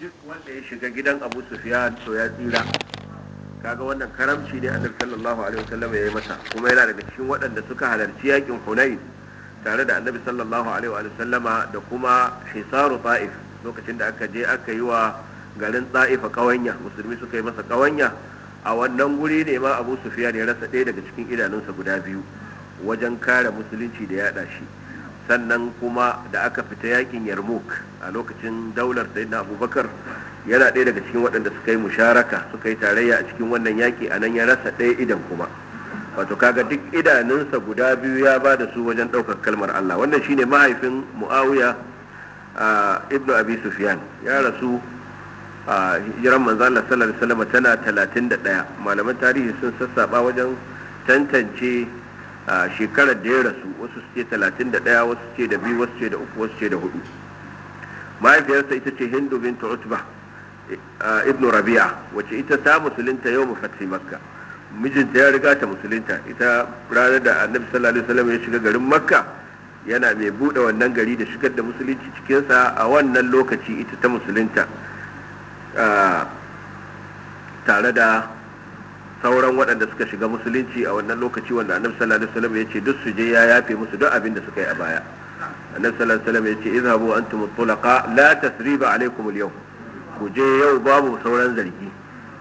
duk wanda ya shiga gidan abu sufiyan to ya tsira kaga wannan karamci ne annabi sallallahu alaihi wasallam ya yi masa kuma yana daga cikin waɗanda suka halarci yakin hunain tare da annabi sallallahu alaihi wasallama da kuma hisaru ta'if lokacin da aka je aka yi wa garin ta'ifa kawanya musulmi suka yi masa kawanya a wannan guri ne ma abu sufiyan ya rasa ɗaya daga cikin idanunsa guda biyu wajen kare musulunci da yaɗa shi sannan kuma da aka fita yakin yarmuk a lokacin daular na abubakar yana ɗaya daga cikin waɗanda suka yi musharaka suka yi tarayya a cikin wannan yaƙi a nan ya rasa ɗaya idan kuma wato kaga duk idanunsa guda biyu ya ba da su wajen ɗaukar kalmar allah wannan shine mahaifin mu'awiya ibnu abi sufyan ya rasu a hijiran manzan allah sallallahu alaihi talatin tana ɗaya malaman tarihi sun sassaɓa wajen tantance a shekarar da ya rasu wasu su ce talatin wasu ce da biyu wasu ce da uku wasu ce da hudu mahaifiyarsa ita ce hindu bin utba ibn rabi'a wacce ita ta musulunta yau mafatsi makka mijinta ya riga ta musulunta ita ranar da annabi sallallahu alaihi wasallam ya shiga garin makka yana mai bude wannan gari da shigar da musulunci cikinsa a wannan lokaci ita ta musulunta tare da sauran waɗanda suka shiga musulunci a wannan lokaci wanda annabi sallallahu alaihi wasallam yace duk su je ya yafe musu duk abin da suka yi a baya annabi sallallahu alaihi wasallam yace izhabu antum mutlaqa la tasriba alaikum al-yawm ku je yau babu sauran zargi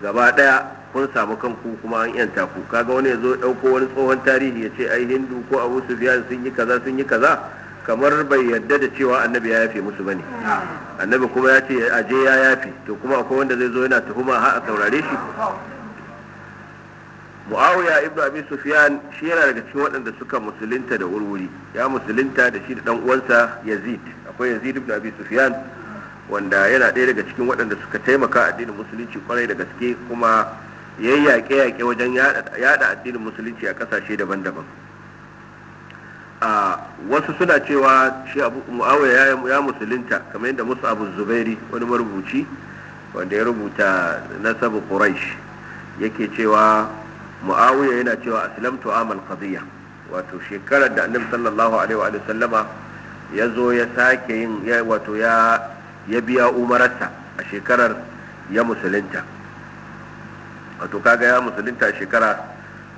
gaba daya kun samu kanku kuma an yanta ku kaga wani ya dauko wani tsohon tarihi ya ce ai hindu ko abu sufyan sun yi kaza sun yi kaza kamar bai yadda da cewa annabi ya yafe musu bane annabi kuma ya ce aje ya yafe to kuma akwai wanda zai zo yana tuhuma har a saurare shi muawiya ibnu abi sufyan shi yana daga cikin waɗanda suka musulunta da wurwuri ya musulunta da shi da dan uwansa yazid akwai yazid ibnu abi sufyan wanda yana ɗaya daga cikin waɗanda suka taimaka addinin musulunci kwarai da gaske kuma ya yi yaƙe-yaƙe wajen yada addinin musulunci a ƙasashe daban-daban a wasu suna cewa shi muawiya ya musulunta kamar yadda musu abu zubairi wani marubuci wanda ya rubuta nasabu quraish yake cewa muawiya yana cewa aslamtu amal qadiyya wato shekarar da annabi sallallahu alaihi wa sallama ya zo ya sake yin wato ya ya biya umararsa a shekarar ya musulunta wato kaga ya musulunta shekara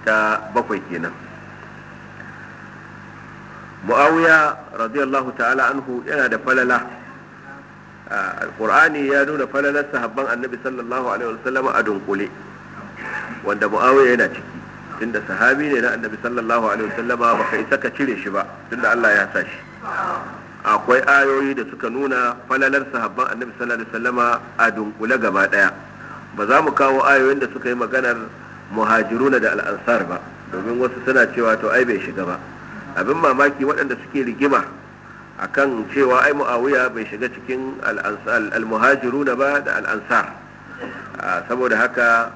ta bakwai kenan muawiya radiyallahu ta'ala anhu yana da falala alqur'ani ya nuna falalar sahabban annabi sallallahu alaihi wasallam a dunkule wanda muawiya yana ciki tunda sahabi ne na annabi sallallahu alaihi wasallam ba isa ka cire shi ba tunda Allah ya sa shi akwai ayoyi da suka nuna falalar sahabban annabi sallallahu alaihi wasallama a dunkule gaba daya ba za mu kawo ayoyin da suka yi maganar muhajiruna da al'ansar ba domin wasu suna cewa to ai bai shiga ba abin mamaki waɗanda suke rigima akan cewa ai muawiya bai shiga cikin al-muhajiruna ba da al'ansar saboda haka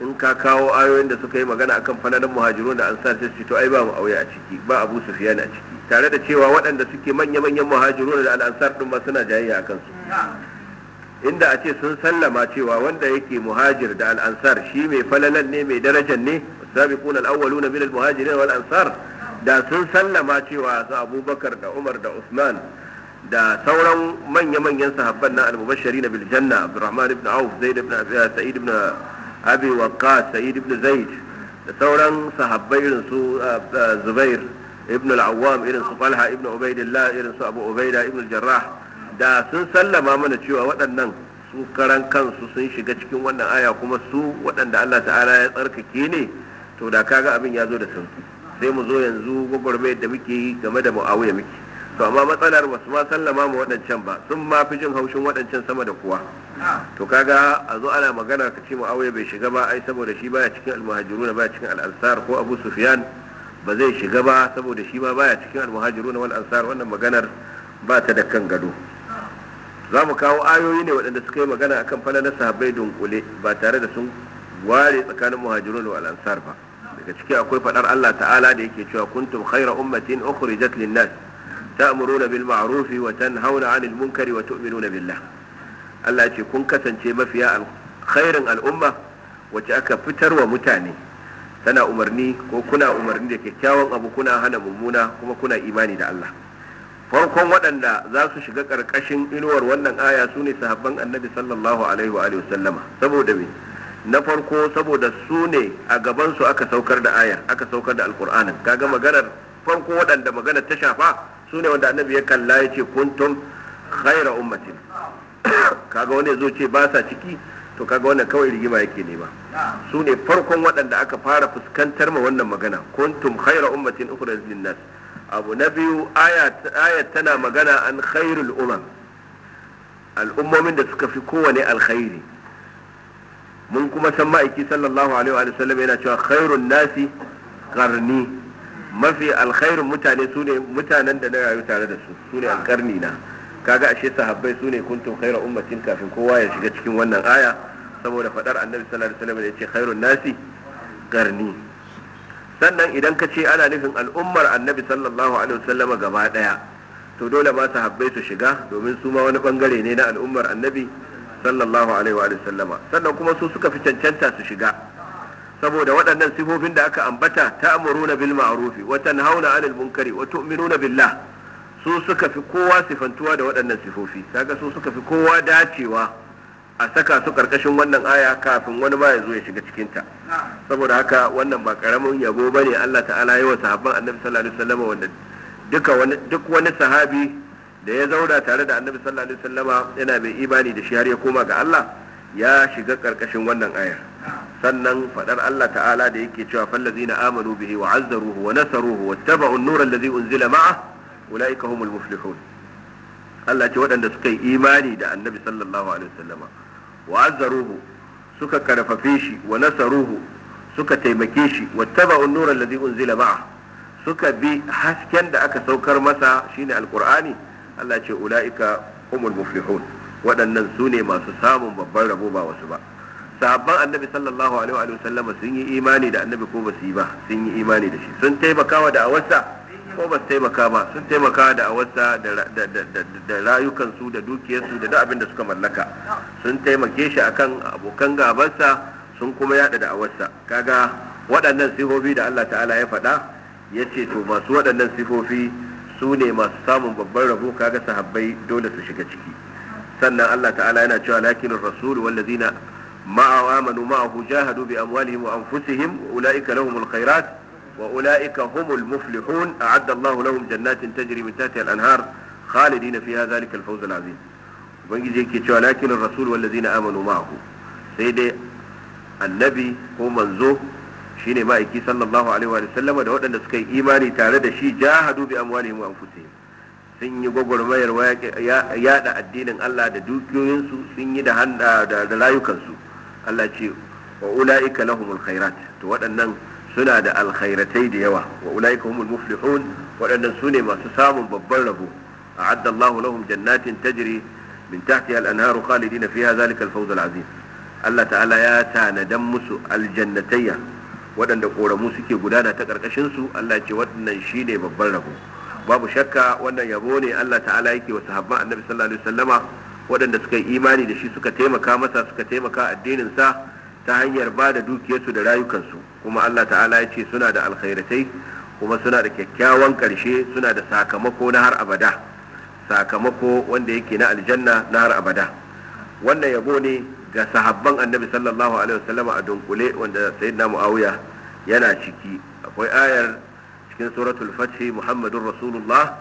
in ka kawo ayoyin da suka yi magana akan fananan muhajirun da ansar sai su to ai ba mu auya a ciki ba abu sufyan a ciki tare da cewa waɗanda suke manya-manyan muhajirun da al'ansar din ma suna jayayya akan su inda a ce sun sallama cewa wanda yake muhajir da al'ansar shi mai falalan ne mai darajar ne sabiqun al-awwaluna min al-muhajirin wal ansar da sun sallama cewa su abubakar da umar da usman da sauran manya-manyan sahabban na al-mubashirin bil janna abdurrahman ibn auf zaid ibn sa'id ibn abi waqqa sa'id ibn zaid da sauran sahabbai irin su uh, uh, zubair ibn al-awwam irin su falha ibn ubaidillah irin su abu ubaida ibn jarrah da sun sallama mana cewa waɗannan su karan kansu sun shiga cikin wannan aya kuma su waɗanda Allah ta'ala ya tsarkake ne to da kaga abin ya zo da sun sai mu zo yanzu gwagwarmayar da muke yi game da mu'awiya muke to amma matsalar wasu ma sallama ma waɗancan ba sun ma fi jin haushin waɗancan sama da kuwa to kaga a zo ana magana ka ce mu'awiya bai shiga ba ai saboda shi baya cikin almuhajiruna baya cikin al'ansar ko abu sufyan ba zai shiga ba saboda shi ma baya cikin almuhajiruna wal ansar wannan maganar ba ta da kan gado za mu kawo ayoyi ne waɗanda suka yi magana akan falalar sahabbai dunkule ba tare da sun ware tsakanin muhajirun da al'ansar ba daga ciki akwai faɗar Allah ta'ala da yake cewa kuntum khaira ummatin ukhrijat lin-nas ta'muruna bil ma'ruf wa tanhauna 'anil munkari wa tu'minuna billah Allah ya ce kun kasance mafiya khairin al'umma wacce aka fitar wa mutane tana umarni ko kuna umarni da kyakkyawan abu kuna hana mummuna kuma kuna imani da Allah farkon waɗanda za su shiga ƙarƙashin inuwar wannan aya su ne sahabban annabi sallallahu alaihi wa sallama saboda me na farko saboda su ne a gabansu aka saukar da aya aka saukar da alƙur'anin kaga maganar farko waɗanda magana ta shafa su ne wanda annabi ya kalla ya ce kuntum khaira ummatin kaga wani zo ce ba sa ciki to kaga wannan kawai rigima yake nema su ne farkon waɗanda aka fara fuskantar ma wannan magana kuntum khaira ummatin ukhrijat nas abu na biyu ayat tana magana an khairul umam al'ummomin da suka fi kowane alkhairi mun kuma san ma'aiki sallallahu alaihi wa sallam yana cewa khairun nasi karni. mafi alkhairun mutane su ne mutanen da na rayu tare da su su ne alƙarni ah. na kaga ashe sahabbai su ne kuntum khaira ummatin kafin kowa ya shiga cikin wannan aya saboda faɗar annabi sallallahu alaihi wasallam ya ce khairun nasi qarni sannan idan ka ce ana nufin al'ummar annabi sallallahu alaihi wasallam gaba daya to dole ma sahabbai su shiga domin su ma wani bangare ne na al'ummar annabi sallallahu alaihi wa sannan kuma su suka fi cancanta su shiga saboda waɗannan sifofin da aka ambata ta ta'muruna bil ma'rufi wa tanhauna 'anil munkari wa tu'minuna billah su suka fi kowa sifantuwa da waɗannan sifofi kaga su suka fi kowa dacewa a saka su ƙarƙashin wannan aya kafin wani ba ya zo ya shiga cikin ta saboda haka wannan ba karamin yabo bane Allah ta'ala yi wa sahabban Annabi sallallahu alaihi wasallam wanda wani duk wani sahabi da ya zauna tare da Annabi sallallahu alaihi wasallama yana mai imani da shi har ya koma ga Allah ya shiga ƙarƙashin wannan ayar sannan fadar Allah ta'ala da yake cewa fallazina amanu bihi wa azzaruhu wa nasaruhu wa an-nura allazi unzila ma'a ulaika humul muflihun Allah ce waɗanda suka yi imani da annabi sallallahu alaihi wasallama wa azzaruhu suka karfafe shi wa nasaruhu suka taimake shi wattaba'u an-nura allazi unzila ma'a suka bi hasken da aka saukar masa shine alqur'ani Allah ce ulaika humul muflihun waɗannan su ne masu samun babban rabo ba wasu ba saban annabi sallallahu alaihi wa sun yi imani da annabi ko ba su yi ba sun yi imani da shi sun taimakawa da awarsa ko ba su taimaka ba sun taimaka da awarsa da rayukansu da dukiyarsu da duk abin da suka mallaka sun taimake shi akan abokan gabansa sun kuma yada da awarsa kaga waɗannan sifofi da Allah ta'ala ya faɗa ya ce to masu waɗannan sifofi su ne masu samun babban rabo kaga sahabbai dole su shiga ciki sannan Allah ta'ala yana cewa lakin rasul wallazina ما آمنوا معه جاهدوا بأموالهم وأنفسهم أولئك لهم الخيرات وأولئك هم المفلحون أعد الله لهم جنات تجري من تحتها الأنهار خالدين فيها ذلك الفوز العظيم ubangiji yake cewa lakin rasul wallazina amanu ma'ahu sai dai annabi ko manzo shine ma'aiki sallallahu alaihi wa sallam da waɗanda suka yi imani tare da shi jahadu sun yi gwagwarmayar yada addinin Allah da dukiyoyinsu sun yi da handa da rayukansu Allah ce wa ula'ika lahumul khairat to waɗannan suna da alkhairatai da yawa wa ula'ika humul muflihun waɗannan su ne masu samun babban rabo a'adda Allahu lahum jannatin tajri min tahtiha al-anharu khalidina fiha zalika al-fawz al-azim Allah ta'ala ya tanadan musu aljannatayya waɗanda ƙoramu suke gudana ta ƙarƙashin su Allah ce waɗannan shine babban rabo babu shakka wannan yabo ne Allah ta'ala yake wa sahabban Annabi sallallahu alaihi wasallama waɗanda suka yi imani da shi suka taimaka masa suka taimaka addininsa ta hanyar ba da dukiyarsu da rayukansu kuma Allah ta'ala ya ce suna da alkhairatai kuma suna da kyakkyawan ƙarshe suna da sakamako na har abada sakamako wanda yake na aljanna na har abada wannan yabo ne ga sahabban annabi sallallahu alaihi wasallam a dunkule wanda sayyidina muawiya yana ciki akwai ayar cikin suratul fath muhammadur rasulullah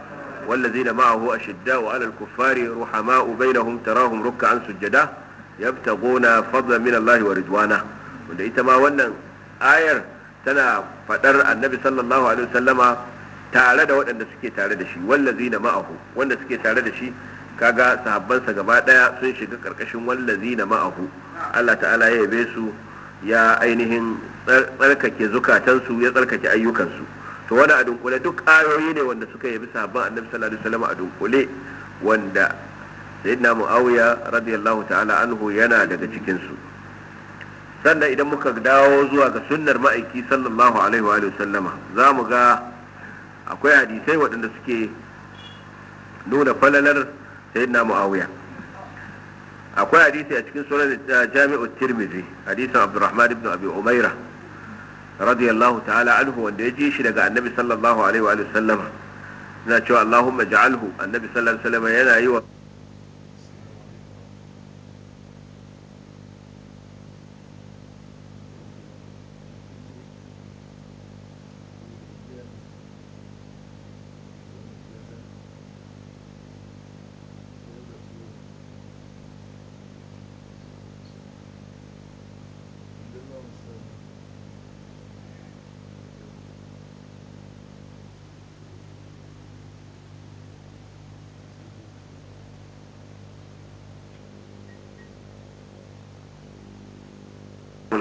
والذين معه أشداء على الكفار رحماء بينهم تراهم ركعا سجدا يبتغون فضلا من الله ورضوانه wanda ita ma wannan ayar tana fadar annabi sallallahu alaihi wasallama tare da waɗanda suke tare da shi wallazi ma'ahu wanda suke tare da shi kaga sahabbansa gaba daya sun shiga karkashin wallazi na ma'ahu Allah ta'ala ya yabe su ya ainihin tsarkake zukatansu ya tsarkake ayyukansu to wani a dunkule duk ayoyi ne wanda suka yi bisa sahabban annabi sallallahu alaihi wasallam a dunkule wanda sayyidina muawiya radiyallahu ta'ala anhu yana daga cikin su sannan idan muka dawo zuwa ga sunnar ma'aiki sallallahu alaihi wa sallama za mu ga akwai hadisai waɗanda suke nuna falalar sayyidina muawiya akwai hadisi a cikin sunan eh, jami'ut tirmidhi hadisin abdurrahman ibn abi umaira radiyallahu ta'ala anhu wanda ya ji shi daga annabi sallallahu alaihi wa sallama yana cewa Allahumma ja'alhu annabi sallallahu alaihi wa sallama yana yi wa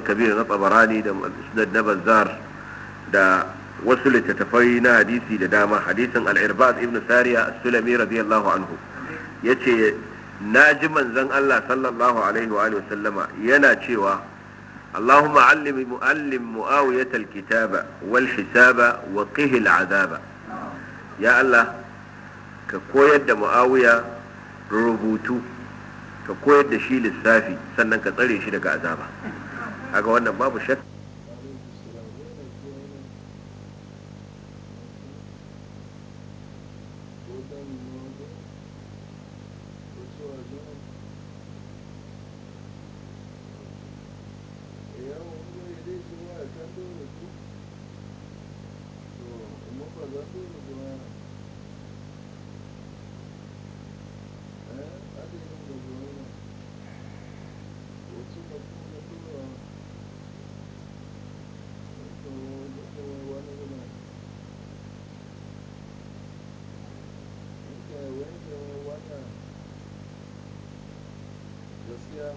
kabir na tsabarani da musnad na bazar da wasu littattafai na hadisi da dama hadisin al'irbas ibnu ibn sariya as-sulami radiyallahu anhu yace na ji manzon Allah sallallahu alaihi wa sallama yana cewa اللهم علم معلم معاوية الكتاب والحساب وقه العذاب يا الله كويد دا معاوية ربوتو da shi lissafi sannan سنن tsare shi daga azaba. حاجة وانا باب الشك Thank you. Yeah.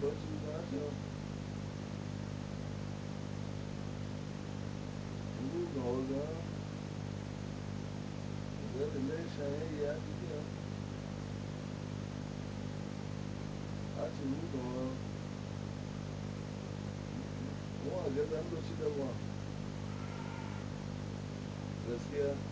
But you got to. You go down. Let the next thing you have to do. I see you going. Why? Just e I'm going to see that one. Let's h e e r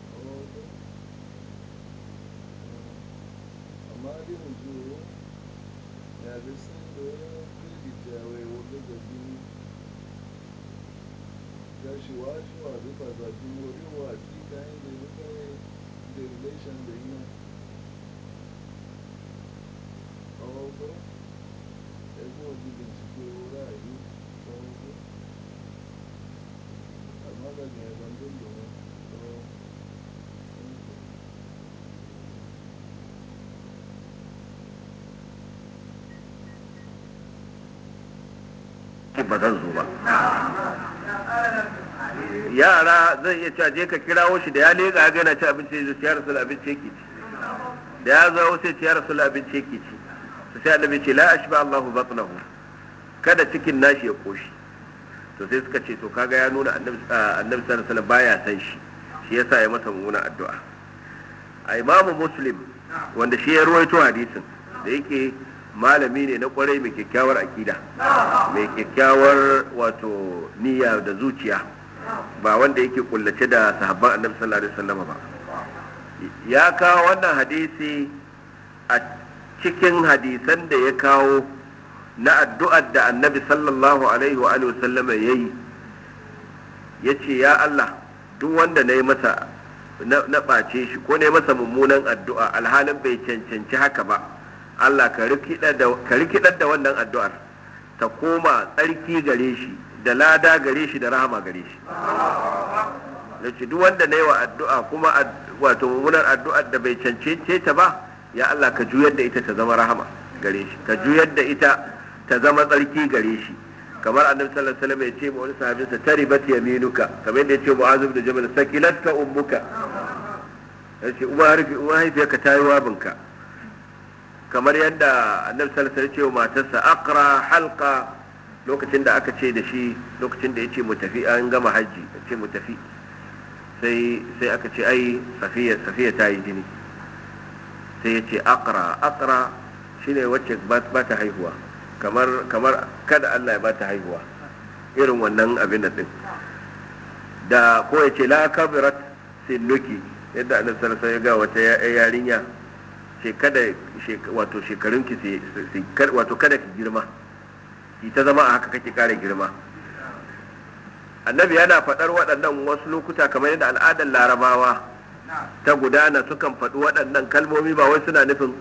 mmadụ na eresi ndị onye ọkụ ehichara ewoge gajini gashiwashi wadụkwasa jimori waki ka anyị na-enwetaghị deviation dị ihe ọgụ ebe obibi jikwa ewere anyị ọgụ amagaghị ebe ndị ndụ ce ba zan zo ba yara zan iya cewa je ka kirawo shi da ya leƙa ga yana ci abinci ya ciyar su abinci yake ci da ya zo sai ciyar rasul abinci yake ci su sai annabi ce la ashba Allahu batnahu kada cikin nashi ya koshi to sai suka ce to kaga ya nuna annabi sallallahu alaihi wasallam baya san shi shi yasa ya masa muna addu'a a imamu muslim wanda shi ya ruwaito hadisin da yake malami ne na kwarai mai kyakkyawar akida mai kyakkyawar wato niyya da zuciya ba wanda yake kullace da sahabban annabi sallallahu alaihi wasallam ba ya kawo wannan hadisi a cikin hadisan da ya kawo na addu'ar da annabi sallallahu alaihi wa sallam ya yi ya ce ya Allah duk wanda na yi masa na ɓace shi ko na yi masa mummunan addu'a alhalin bai cancanci haka ba Allah ka rikidar da wannan addu'ar ta koma tsarki gare shi da lada gare shi da rahama gare shi da duk wanda na yi wa addu'a kuma wato mummunar addu'ar da bai cancance ta ba ya Allah ka juyar da ita ta zama rahama gare shi ka juyar da ita ta zama tsarki gare shi kamar annab sallallahu alaihi wasallam ya ce wani sahabinsa taribat yaminuka kamar yadda ya ce mu'azu bin jabal ka ummuka ce uwa rufi uwa haifiya ka tayi wabinka kamar yadda annabi sallallahu alaihi wasallam ya ce matarsa aqra halqa lokacin da aka ce da shi lokacin da yace mu tafi an gama haji ce mu tafi sai sai aka ce ai safiya safiya ta yi jini sai yace aqra aqra shine wacce ba ta haihuwa kamar kamar kada Allah ya ba ta haihuwa irin wannan abin din da ko yace la kabirat sinuki yadda annabi sallallahu alaihi wasallam ya ga wata yarinya wato shekarun wato kada ki girma ita zama a haka kake kare girma annabi yana faɗar waɗannan wasu lokuta kamar yadda al'adar larabawa ta gudana sukan faɗi waɗannan kalmomi ba wai suna nufin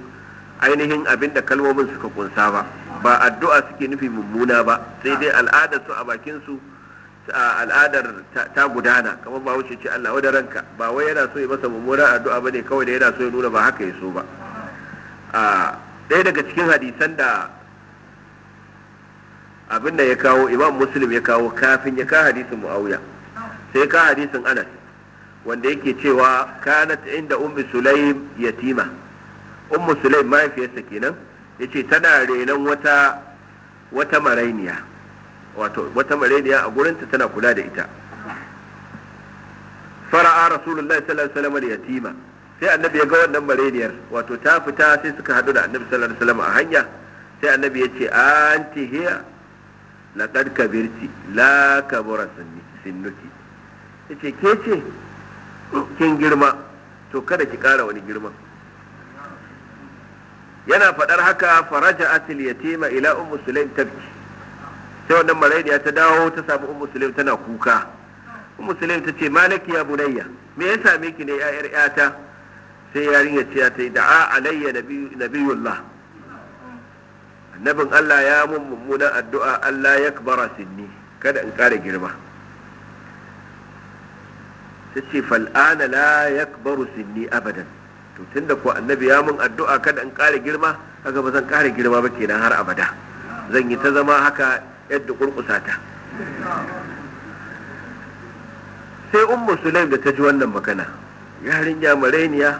ainihin abin da kalmomin suka kunsa ba ba addu'a suke nufi mummuna ba sai dai al'adar su a bakin su al'adar ta gudana kamar ba wuce ce Allah da ranka ba wai yana so ya masa mummuna addu'a bane kawai da yana so ya nuna ba haka ya so ba a ɗaya daga cikin hadisan da abin da ya kawo imam muslim ya kawo kafin ya ka hadisin muawiya sai ka hadisin anas wanda yake cewa kanat inda ummi sulaim yatima ummu sulaim mahaifiyarsa kenan yace tana renon wata wata marainiya wato wata marainiya a gurinta tana kula da ita fara'a rasulullahi sallallahu alaihi wasallam yatima sai annabi ya ga wannan mareniyar wato ta fita sai suka hadu da annabi sallallahu alaihi wasallam a hanya sai annabi ya ce anti hiya laqad kabirti la kabura sinnuki yace ke ce kin girma to kada ki kara wani girma yana fadar haka faraja atil yatima ila ummu sulaim tabki sai wannan mareniya ta dawo ta samu ummu sulaim tana kuka ummu sulaim ta ce malaki ya bunayya me ya same ki ne ya yata sai yarinya ce ta yi da'a alayya nabiyullah annabin Allah ya mun mummunan addu'a Allah ya kabara sinni kada in ƙara girma ta ce fal'ana la ya kabaru sinni abadan to da kuwa annabi ya mun addu'a kada in ƙara girma haka ba zan ƙara girma ba kenan har abada zan yi ta zama haka yadda kurkusa ta sai ummu sulaim da ta ji wannan magana yarinya mareniya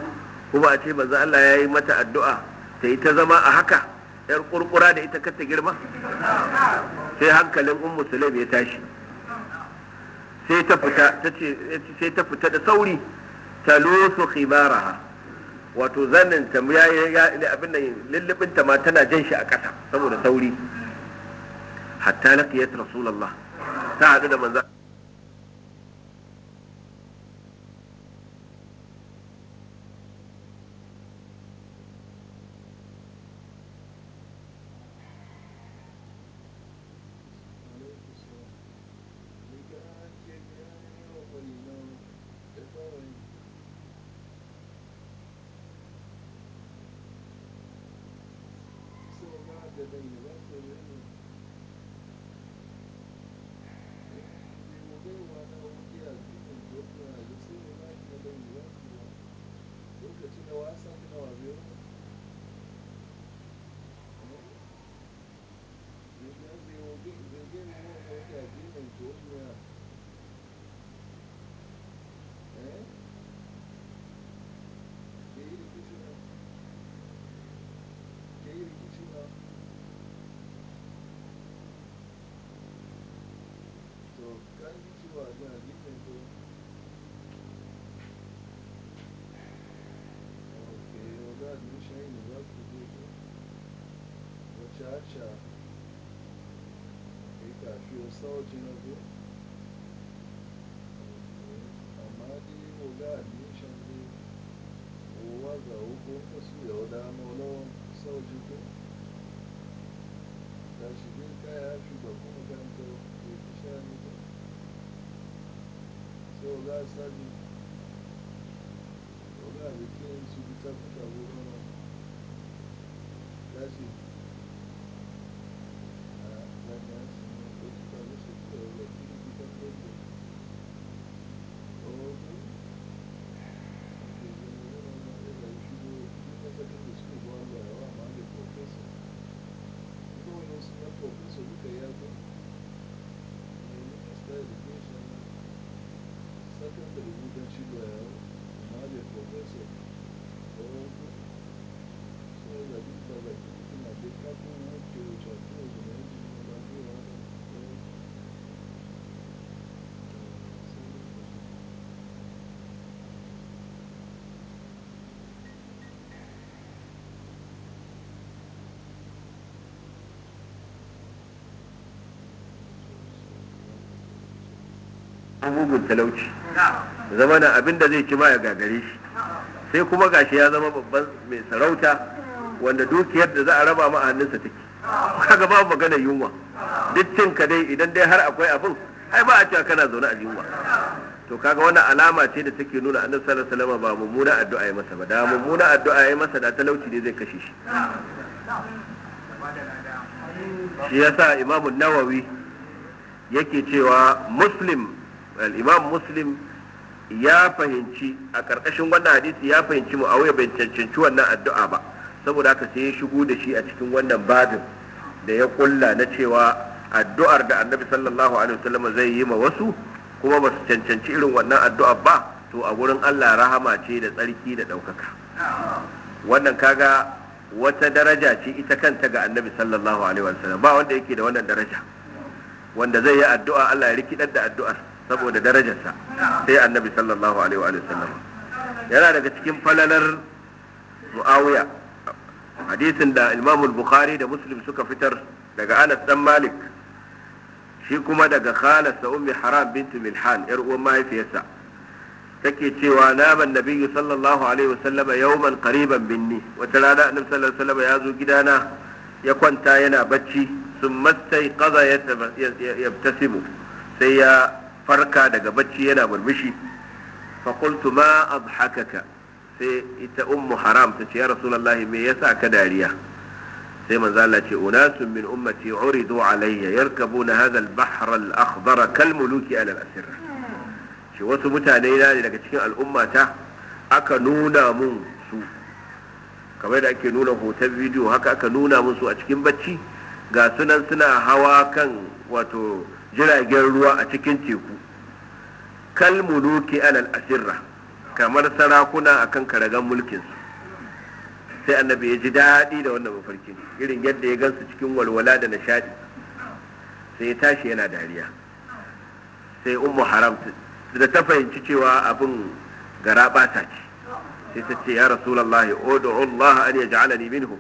kuma a ce manzo Allah ya yi mata addu'a ta yi ta zama a haka yar kurkura da ita kata girma sai hankalin un musulun ya tashi sai ta fita ta sai ta fita da sauri ta losu khibaraha wato zanin ta ya ya abin nan lullubin ta ma tana jan shi a ƙasa saboda sauri hatta laqiyat rasulullah ta hadu da manzo asali òun náà ní kí n ṣubú tábìlì àwòrán láti. abubuwan talauci zama na abin da zai ci ma ya gagare shi sai kuma gashi ya zama babban mai sarauta wanda dukiyar da za a raba ma a ke. take kaga babu magana yunwa duk cin ka dai idan dai har akwai abin ai ba a cewa kana zaune a yunwa to kaga wannan alama ce da take nuna annabi sallallahu alaihi wasallam ba mummuna addu'a ya masa ba da mummuna addu'a ya masa da talauci ne zai kashe shi shi yasa imamu nawawi yake cewa muslim al-imam muslim ya fahimci a karkashin wannan hadisi ya fahimci mu muawiya bai cancanci wannan addu'a ba saboda haka sai ya shigo da shi a cikin wannan babin da ya kulla na cewa addu'ar da annabi sallallahu alaihi wasallam zai yi ma wasu kuma ba su cancanci irin wannan addu'a ba to a gurin Allah rahama ce da tsarki da ɗaukaka wannan kaga wata daraja ce ita kanta ga annabi sallallahu alaihi wasallam ba wanda yake da wannan daraja wanda zai yi addu'a Allah ya rikidar da addu'ar saboda darajarsa sai annabi sallallahu alaihi wa sallam yana daga cikin falalar muawiya hadisin da imam bukhari da muslim suka fitar daga anas dan malik shi kuma daga khalasa ummi haram bintu milhan yar uwan mahaifiyarsa take cewa naman nabiyyu sallallahu alaihi wasallam yawman qariban binni wata rana annabi sallallahu alaihi wasallam ya zo gidana ya kwanta yana bacci sun mastai kaza ya yabtasimu sai ya farka daga bacci yana murmushi fakultu ma abhakaka sai ita ummu haram ta ce ya rasulullahi me yasa ka dariya sai manzo Allah ce unasun min ummati uridu alayya yarkabuna hadha al-bahr al kal muluki ala al shi wasu mutane ne daga cikin al'ummata aka nuna mun su kamar da ake nuna hoton bidiyo haka aka nuna mun su a cikin bacci ga sunan suna hawa kan wato jiragen ruwa a cikin teku kal alal asirra kamar sarakuna akan karagan mulkin su sai annabi ya ji daɗi da wannan mafarkin irin yadda ya gansu cikin walwala da nishaɗi sai ya tashi yana dariya sai ummu haram da ta fahimci cewa abin gara ta ce sai ta ce ya rasulallahi odu Allah an ya ja'alani minhum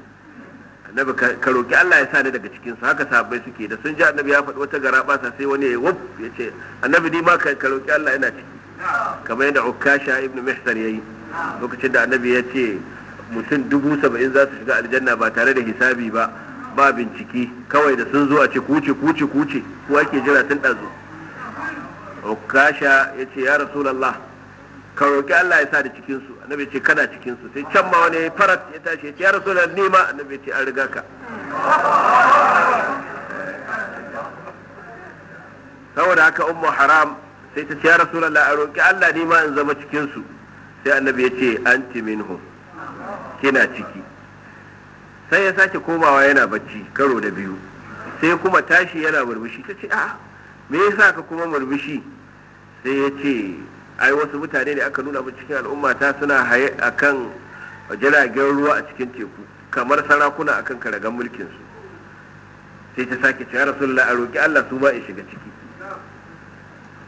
annabi ka roki Allah ya sa ni daga cikin su haka sahabbai suke da sun ji annabi ya faɗi wata garaba sai wani ya wuf ya ce annabi ni ma ka roki Allah yana ciki kamar yadda Ukasha ibn Mihsan yayi lokacin da annabi ya ce mutum dubu saba'in za su shiga aljanna ba tare da hisabi ba ba bincike kawai da sun zo a ce kuce kuce kuce ko ke jira tun ɗazu ukasha ya ce ya rasulallah ka roƙi Allah ya sa da cikin su annabi ce kana cikin su sai can ma wani ya farat ya tashi ya ce ya rasu da nema annabi ce an riga ka saboda haka ummu haram sai ta ce ya rasu da a roƙi Allah nema in zama cikin su sai annabi ya ce anti minhum kina ciki sai ya sake komawa yana bacci karo da biyu sai kuma tashi yana murmushi ta ce a me yasa ka kuma murmushi sai ya ce ai wasu mutane ne aka nuna cikin al'umma ta suna haye akan jiragen ruwa a cikin teku kamar sarakuna akan karagan mulkin su sai ta sake cewa rasulullah a roki Allah su ba in shiga ciki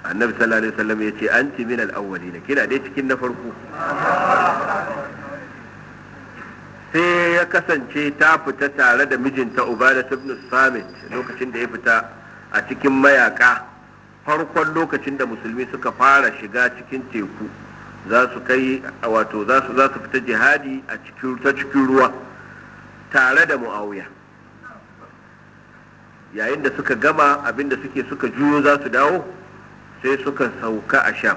annabi sallallahu alaihi wasallam ya ce anti min al da kina dai cikin na farko sai ya kasance ta fita tare da mijinta ubada ibn samit lokacin da ya fita a cikin mayaka farkon lokacin da musulmi suka fara shiga cikin teku za su kai wato za su fita jihadi a cikin ta cikin ruwa tare da muawiya yayin da suka gama abinda suke suka juyo za su dawo sai suka sauka a sham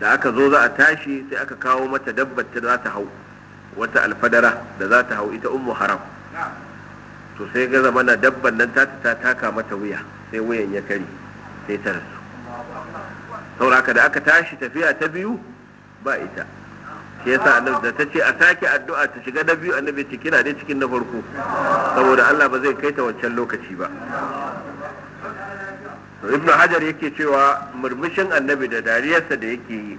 da aka zo za a tashi sai aka kawo mata dabbar ta za ta hau wata alfadara da za ta hau ita ummu haram to sai ga na dabban nan ta ta taka mata wuya sai wayan ya kari sai ta rasu sauraka da aka tashi tafiya ta biyu ba ita shi yasa annabi da ta ce a sake addu'a ta shiga na biyu annabi ce kina dai cikin na farko saboda Allah ba zai kai ta wancan lokaci ba ibn hajar yake cewa murmushin annabi da dariyarsa da yake yi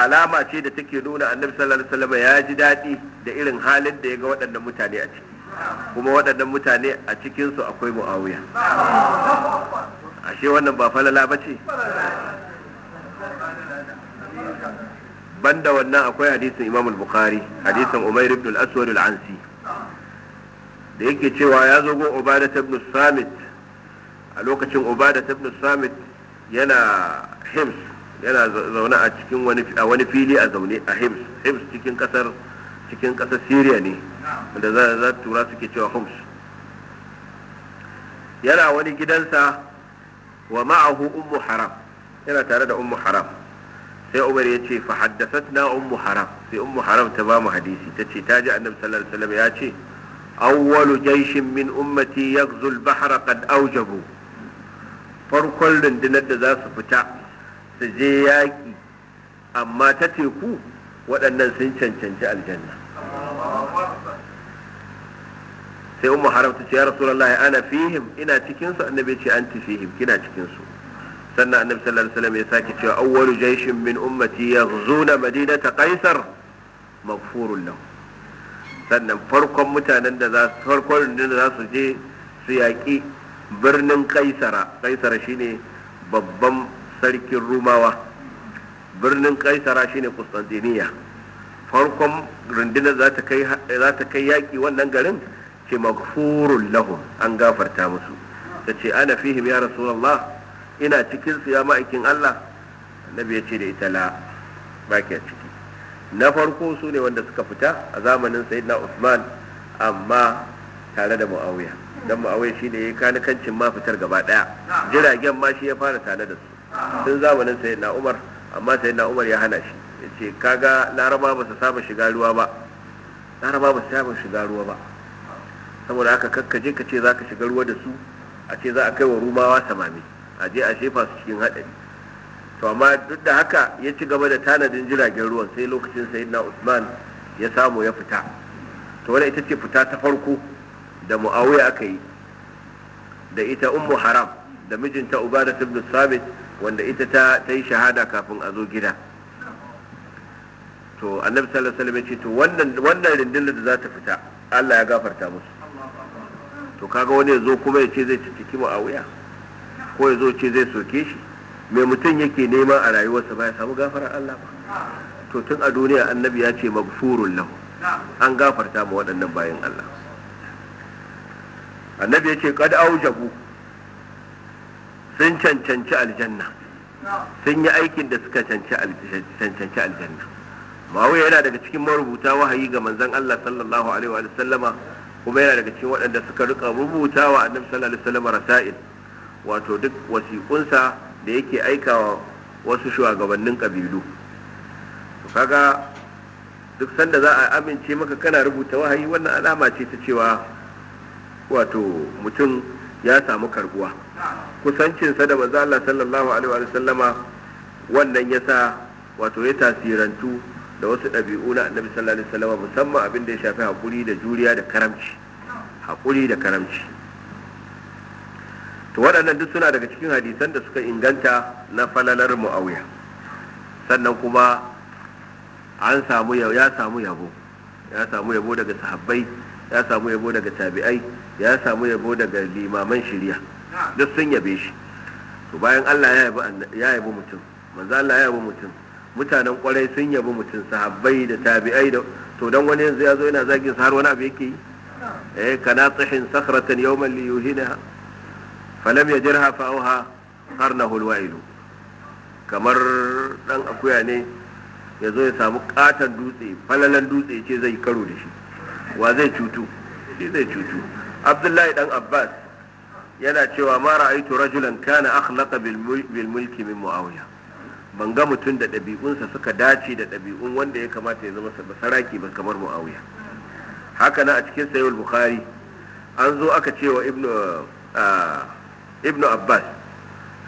alama ce da take nuna annabi sallallahu alaihi wasallam ya ji dadi da irin halin da ya ga waɗannan mutane a ciki kuma waɗannan mutane a cikinsu akwai mu'awiya ashe wannan ba falala ba ce banda wannan akwai hadisin imam bukhari hadisin umar ibn al-aswad al-ansi da yake cewa ya zo go ubada ibn samit a lokacin ubada ibn samit yana hims yana zaune a cikin wani fili a zaune a hims hims cikin kasar cikin kasar syria ne da za tura suke cewa haus yana wani gidansa wa ma'ahu ummu haram yana tare da ummu haram sai umar ya ce fa na ummu haram sai ummu haram ta ba mu hadisi ta ce ta ji annabi sallallahu alaihi wasallam ya ce awwalu jaishin min ummati yaghzu al-bahra qad awjabu farkon rundunar da za su fita su je yaƙi amma ta teku waɗannan sun cancanci aljanna sai umma haram ta ce ya lallahi ana fihim ina cikinsu annabi ce an fihim kina cikinsu sannan annabi sallallahu alaihi wasallam ya sake cewa awwalu jayshin min ummati yaghzuna madinata qaisar maghfurun lahu sannan farkon mutanen da za su farkon rundunar za su je su yaƙi birnin kaisara kaisara shine babban sarkin rumawa birnin kaisara shine Constantiniya farkon rundunar za ta kai yaƙi wannan garin ce maghfurun lahum an gafarta musu ta ce ana fihim ya rasulullah ina cikin su ya ma'aikin Allah annabi ya ce da ita la ba ke ciki na farko su ne wanda suka fita a zamanin sayyidina Usman amma tare da Muawiya dan Muawiya shi ne ya kanikancin ma fitar gaba daya jiragen ma shi ya fara tare da su tun zamanin sayyidina Umar amma sayyidina Umar ya hana shi ya ce kaga laraba ba su saba shiga ruwa ba laraba ba su saba shiga ruwa ba saboda haka kakkaje ka ce za ka shiga ruwa da su a ce za a kai wa rumawa samami a je a shefa su cikin haɗari to amma duk da haka ya ci gaba da tanadin jiragen ruwan sai lokacin na usman ya samu ya fita to wani ita ce fita ta farko da muawiya aka yi da ita ummu haram da mijinta ubada ibn sabit wanda ita ta ta yi shahada kafin a zo gida to annabi sallallahu alaihi wasallam ya ce to wannan wannan da za ta fita Allah ya gafarta musu to kaga wani ya zo kuma ya ce zai ciki mu a wuya ko ya zo ce zai soke shi mai mutum yake nema a rayuwarsa ba ya samu gafarar Allah ba to tun a duniya annabi ya ce magfurun lahu an gafarta ma waɗannan bayan Allah annabi ya ce kad aujabu sun cancanci aljanna sun yi aikin da suka cancanci aljanna mawuya yana daga cikin marubuta wahayi ga manzon Allah sallallahu alaihi wa sallama kuma yana daga cikin waɗanda suka rika rubutawa wa annabi sallallahu alaihi wasallam rasail wato duk wasiƙunsa da yake aikawa wasu shugabannin kabilu kaga duk sanda za a amince maka kana rubuta wahayi wannan alama ce ta cewa wato mutum ya samu karbuwa kusancinsa da manzo Allah sallallahu alaihi wa sallama wannan yasa wato ya tasirantu da wasu ɗabi'u na annabi sallallahu alaihi wasallam musamman abin da ya shafi haƙuri da juriya da karamci haƙuri da karamci to waɗannan duk suna daga cikin hadisan da suka inganta na falalar mu'awiya sannan kuma an samu ya samu yabo ya samu yabo daga sahabbai ya samu yabo daga tabi'ai ya samu yabo daga limaman shari'a duk sun yabe shi to bayan Allah ya yabi mutum manzo Allah ya yabi mutum mutanen kwarai sun yabi mutum sahabbai da tabi'ai da to dan wani yanzu ya zo yana zagin sa har wani abu yake yi eh kana tsihin sakratan yawman li yuhinaha falam yajirha fa auha qarnahu alwa'ilu kamar dan akuya ne ya zo ya samu katon dutse falalan dutse ce zai karo da shi wa zai cutu shi zai cutu abdullahi dan abbas yana cewa ma ra'aitu rajulan kana akhlaqa bil mulki min muawiya ban ga mutum da ɗabi'unsa suka dace da ɗabi'un wanda ya kamata ya zama saraki ba kamar muawiya haka na a cikin sayyid bukhari an zo aka ce wa ibnu abbas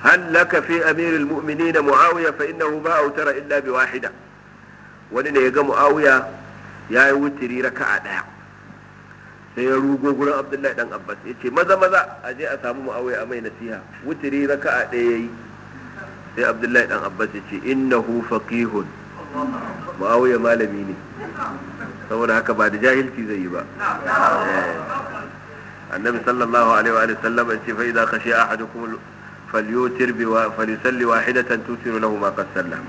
hal laka fi amir almu'minin muawiya fa innahu ba autara illa bi wahida wani ne ya ga muawiya ya yi wutiri raka'a daya sai ya rugo gurin abdullahi dan abbas ya ce maza maza a je a samu muawiya a mai nasiha wutiri raka'a daya yayi sai abdullahi dan abbas ya ce innahu faqihun muawiya malami ne saboda haka ba da jahilci zai yi ba eh. annabi sallallahu alaihi wa sallam ya ce fa idza khashi ahadukum falyutir bi wa falyusalli wahidatan tutiru lahu ma qad salla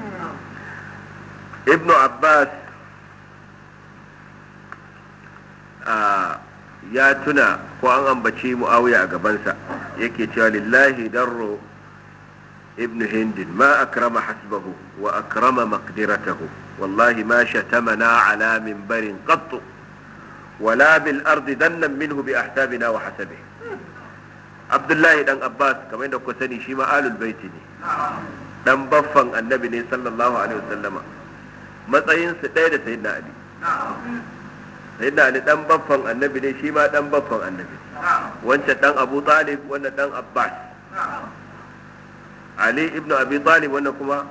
ibnu abbas ya tuna ko an ambaci muawiya a gabansa yake cewa lillahi darru ابن هند ما أكرم حسبه وأكرم مقدرته والله ما شتمنا على منبر قط ولا بالأرض دنا منه بأحسابنا وحسبه عبد الله دن أباس كما يندى سني شيما آل البيت دن بفن النبي صلى الله عليه وسلم ما su ɗaya سيدنا علي سيدنا علي Ali بفن النبي annabi ne بفن النبي dan baffan أبو طالب dan Abu أباس نعم ali ibn abi talib kuma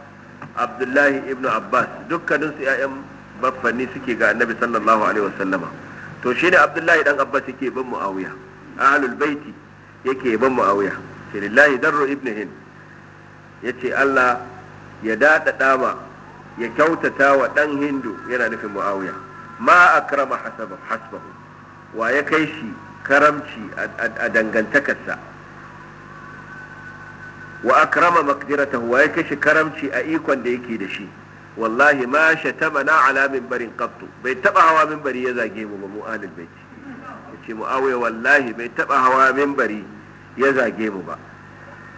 abdullahi ibn abbas dukkaninsu yayan ƴaƴan baffanni suke ga annabi sallallahu alaihi wasallama to shine abdullahi dan abbas yake ban muawiya ahlul baiti yake ban muawiya ce lillahi darru ibnihin yace Allah ya daɗaɗa ma ya kyautata wa ɗan hindu yana nufin muawiya ma akrama hasabahu wa ya kai shi karamci a dangantakarsa wa akrama maqdiratahu wa yake shi karamci a ikon da yake da shi wallahi ma shatamana ala minbarin qattu bai taba hawa minbari ya zage mu ba mu ahlul bait yace awai wallahi bai taba hawa minbari ya zage mu ba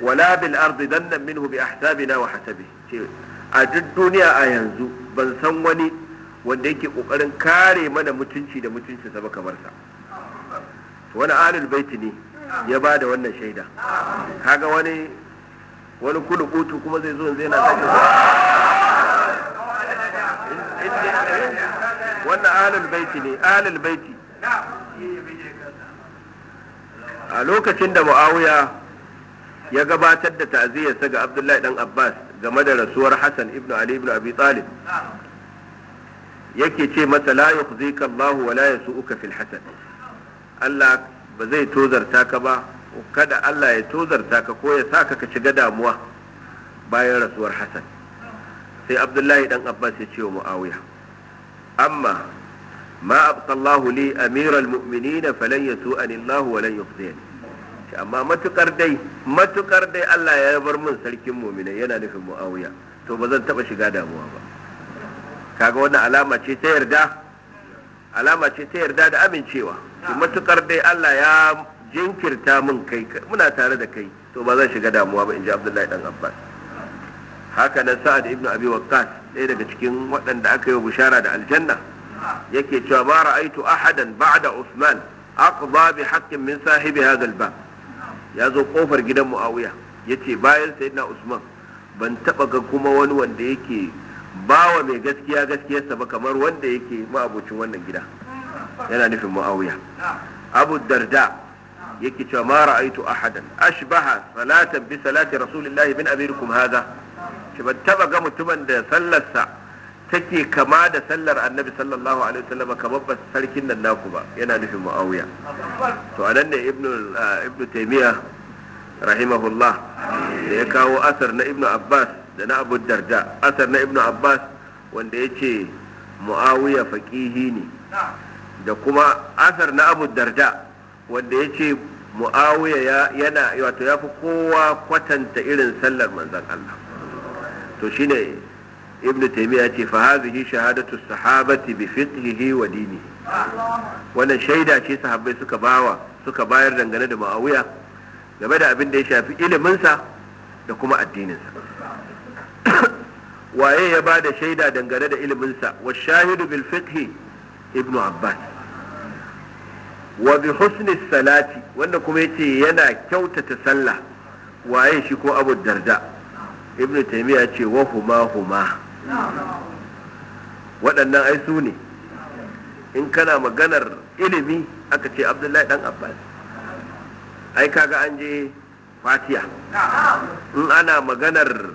wala bil ardi dannan minhu bi ahsabina wa hasabi ce a duk duniya a yanzu ban san wani wanda yake kokarin kare mana mutunci da mutunci sa ba kamar sa wani ahlul bait ne ya bada wannan shaida kaga wani wani butu kuma zai zo zai na zai wannan alal baiti ne alal baiti a lokacin da muawiya ya gabatar da ta'aziyarsa ga abdullahi dan abbas game da rasuwar hassan ibn ali ibn abi talib yake ce masa la yukhzika allah wa la yasu'uka fil hasad allah ba zai tozarta ka ba kada Allah ya tozarta ka ko ya sa ka ka shiga damuwa bayan rasuwar Hassan sai Abdullahi dan Abbas ya ce wa Muawiya amma ma abqallahu li amira mu'minina falan yasu'ani Allah wa lan shi amma matukar dai matukar dai Allah ya bar mun sarkin mu'minai yana nufin Muawiya to ba zan taba shiga damuwa ba kaga wannan alama ce ta yarda alama ce ta yarda da amincewa matukar dai Allah ya jinkirta mun kai muna tare da kai to ba zan shiga damuwa ba in ji abdullahi dan abbas haka nan sa'ad ibnu abi waqqas ɗaya daga cikin waɗanda aka yi bushara da aljanna yake cewa ba ra'aitu ahadan ba'da usman aqba bi haqqin min sahibi hadha al ya zo kofar gidan muawiya yace bayan sayyidina usman ban taba ga kuma wani wanda yake bawa mai gaskiya gaskiyarsa ba kamar wanda yake ma'abocin wannan gida yana nufin muawiya abu darda yake cewa ma ra'aitu ahadan ashbaha salatan bi salati rasulillahi bin abirikum hadha shi ban taba ga mutumin da sallarsa take kama da sallar annabi sallallahu alaihi wasallam kamar ba sarkin nan naku ba yana nufin muawiya to anan ne ibnu uh, ibnu taymiya rahimahullah da ya kawo asar na ibnu abbas da na abu darda asar na ibnu abbas wanda ya ce muawiya faqihi ne da kuma asar na abu darda wanda ya ce mu'awiya yana wato ya fi kowa kwatanta irin sallar manzan Allah to shine ibnu taymiya ce fa hadhihi shahadatu sahabati bi fiqhihi wa dini wannan shaida ce sahabbai suka bawa suka bayar dangane da mu'awiya game da abin da ya shafi iliminsa da kuma addininsa waye ya ba da shaida dangane da iliminsa wa shahidu bil fiqhi ibnu abbas wa bi husni salati wanda kuma yace yana kyautata sallah waye shi ko abu darda ibnu taymiya ce wa huma huma waɗannan ai su ne in kana maganar ilimi aka ce abdullahi dan abbas ai kaga an je fatiya in ana maganar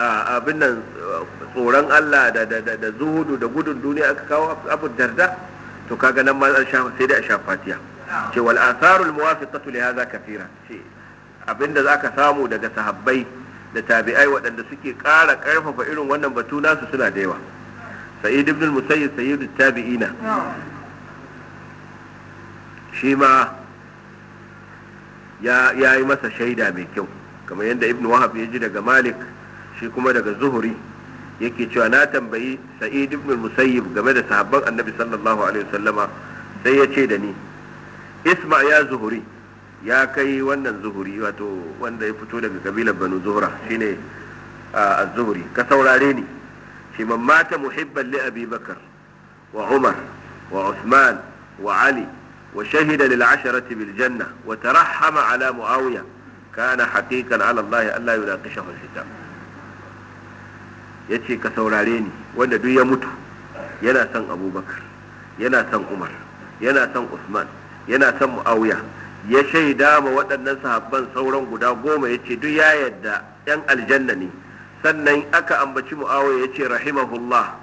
abin nan tsoron allah da zuhudu da gudun duniya aka kawo abu darda to kaga nan ma sai dai a sha fatiya ce wal atharul muwafiqatu li hadha kathira ce abinda zaka samu daga sahabbai da tabi'ai waɗanda suke ƙara ƙarfafa irin wannan batu nasu suna da yawa sa'id ibn musayyib sayyidut tabi'ina shi ma ya yi masa shaida mai kyau kamar yadda ibn wahab ya ji daga malik shi kuma daga zuhuri yake cewa na tambayi sa'id ibn musayyib game da sahabban annabi sallallahu alaihi wasallama sai ya ce da ni isma ya zuhuri ya kai wannan zuhuri wato wanda ya fito daga kabilar banu zuhra shine a zuhuri ka saurare ni shi man mata muhibban li abi bakar wa umar wa usman wa ali wa shahida lil asharati bil janna wa tarahhama ala muawiya kana haqiqan ala allah alla yunaqishahu al ya ce ka saurare ni wanda duk ya mutu yana son abubakar yana son umar yana son usman yana son mu'awiya ya shaida ma waɗannan sahabban sauran guda goma ya ce duk ya yadda 'yan aljanna ne sannan aka ambaci mu'awiya ya ce rahimahullah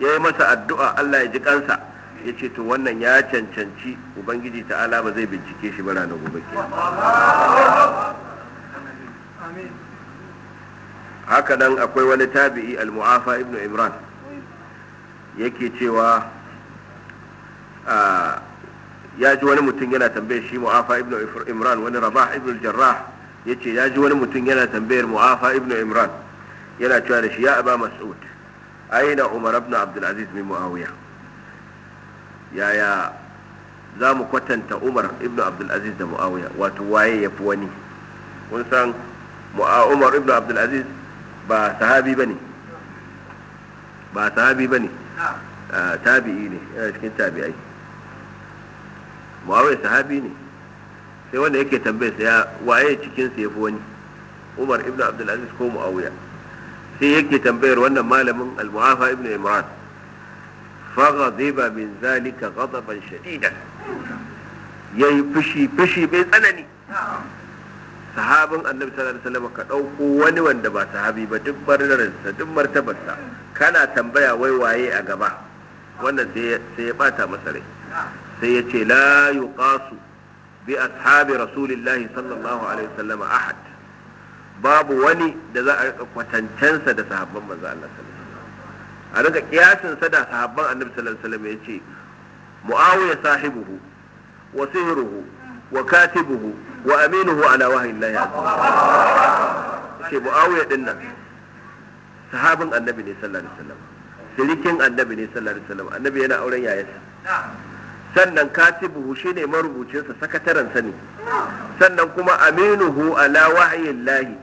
ya yi masa addu'a allah ya ji kansa ya ce to wannan ya cancanci ubangiji ta'ala ba zai bincike shi ba ranar gobe ke. haka nan akwai wani tabi'i al-mu'afa ibn imran yake cewa ya ji wani mutum yana tambayar shi mu'afa ibn imran wani rabah ibn jarrah ya ce ya ji wani mutum yana tambayar mu'afa ibn imran yana cewa da shi ya aba mas'ud aina umar ibn abdulaziz min muawiya yaya za mu kwatanta umar ibn abdulaziz da muawiya wato waye ya fi wani kun san umar ibn abdulaziz ba sahabi bane ba sahabi bane ah, tabi'i ne yana cikin tabi'ai muawiya sahabi ne sai wanda yake tambayar sa ya waye cikin sa yafi wani umar ibn abdul aziz ko muawiya sai yake tambayar wannan malamin al-mu'afa ibn imran فغضب من ذلك غضبا شديدا يي فشي فشي بين tsanani. sahabin annabi sallallahu alaihi wasallam ka dauko wani wanda ba sahabi ba duk sa, duk martabarsa kana tambaya wai waye a gaba wannan sai ya bata masa rai sai ya ce la yuqasu bi ashabi rasulillahi sallallahu alaihi wasallam ahad babu wani da za a rika kwatancensa da sahabban manzo Allah sallallahu alaihi wasallam a rika kiyasin sa da sahabban annabi sallallahu alaihi wasallam yace muawiya sahibuhu wa sihruhu wa katibuhu wa aminuhu ala wahayin lahi ce mu'awiya din nan sahabin annabi ne sallallahu alaihi wasallam sirikin annabi ne sallallahu alaihi wasallam annabi yana auren yayarsa sannan katibuhu shine marubucinsa sakataren sa ne sannan kuma aminuhu ala wahayin lahi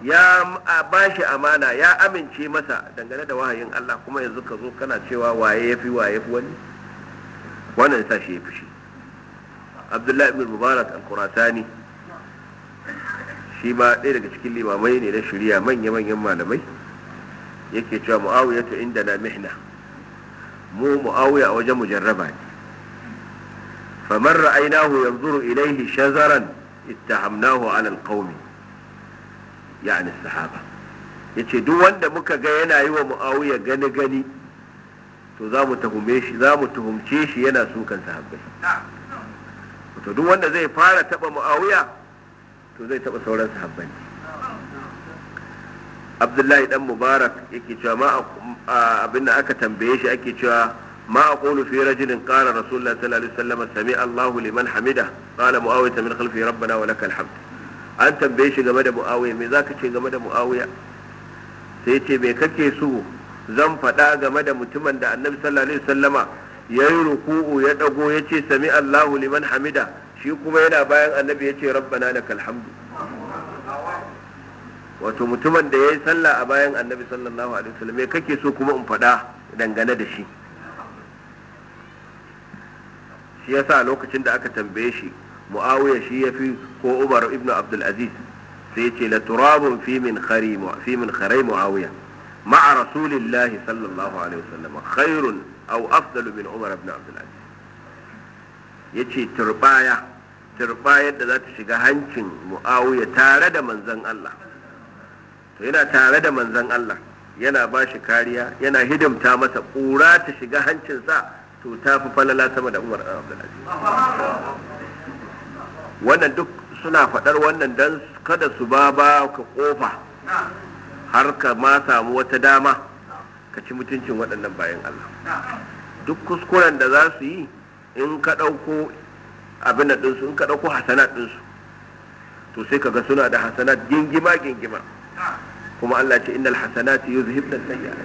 ya ba amana ya amince masa dangane da wahayin Allah kuma yanzu ka zo kana cewa waye ya fi waye fi wani wannan ya sa shi ya fi shi abdullahi ibn mubarak al-qurasani shi ba ɗaya daga cikin limamai ne na shari'a manya-manyan malamai yake cewa muawiya ta inda na mihna mu muawiya a wajen mujarraba ne faman yanzu yanzuru ilaihi shazaran ittahamnahu ala alqawmi yani sahaba yace duk wanda muka ga yana yi wa muawiya gani gani to za mu za tuhumce shi yana sukan sahabbai to duk wanda zai fara taba muawiya to zai taba sauran sahabbai abdullahi dan mubarak yake cewa ma abinda aka tambaye shi ake cewa ma aqulu fi rajulin qala rasulullahi sallallahu alaihi wasallam sami Allahu liman hamida qala muawiya min khalfi rabbana wa lakal hamd an tambaye shi game da mu'awiya me zaka ce game da mu'awiya sai ce me kake so zan faɗa game da mutumin da annabi sallallahu alaihi wasallama ya yi ruku'u ya dago ya ce sami Allahu liman hamida shi kuma yana bayan annabi ya ce rabbana da kalhamdu wato mutumin da ya yi sallah a bayan annabi sallallahu alaihi wasallam me kake so kuma in faɗa dangane da shi shi sa lokacin da aka tambaye shi muawiya shi ya fi ko umar ibnu abdul aziz sai ce la turabun fi min khari fi min kharai muawiya ma'a rasulillahi sallallahu alaihi wasallam khairun aw afdalu min umar ibn abdul aziz yace turbaya turbayar da za ta shiga hancin muawiya tare da manzon Allah to yana tare da manzon Allah yana ba shi kariya yana hidimta masa kura ta shiga hancinsa to ta fi falala sama da umar abdulaziz wannan duk suna faɗar wannan don kada su ba ba ka ƙofa har ka ma samu wata dama ka ci mutuncin waɗannan bayan Allah duk kuskuren da za su yi in ka ɗauko abin da ɗinsu in ka ɗauko hasanat ɗinsu to sai ka ga suna da hasanat gingima gingima kuma Allah ce innal hasanati yuzhibna sayyi'at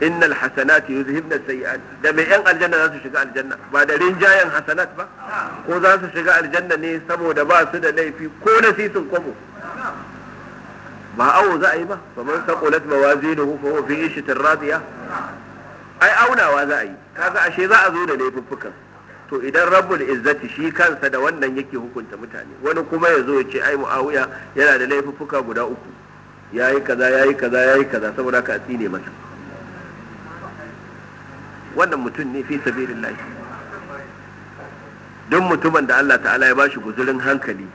innal hasanati yuzhibna sayyi'at da mai yan aljanna za su shiga aljanna ba da rinjayen hasanat ba ko za su shiga aljanna ne saboda ba su da laifi ko nasisin kwabo ba awo za a yi ba kamar saqulat mawazinuhu fa huwa fi ishatin radiya ai aunawa za a yi kaga ashe za a zo da laifuffukan to idan rabbul izzati shi kansa da wannan yake hukunta mutane wani kuma ya zo ya ce ai muawiya yana da laifuffuka guda uku yayi kaza yayi kaza yayi kaza saboda ka tsine masa wannan mutum ne fi sabilillah duk mutumin da Allah ta'ala ya bashi guzurin hankali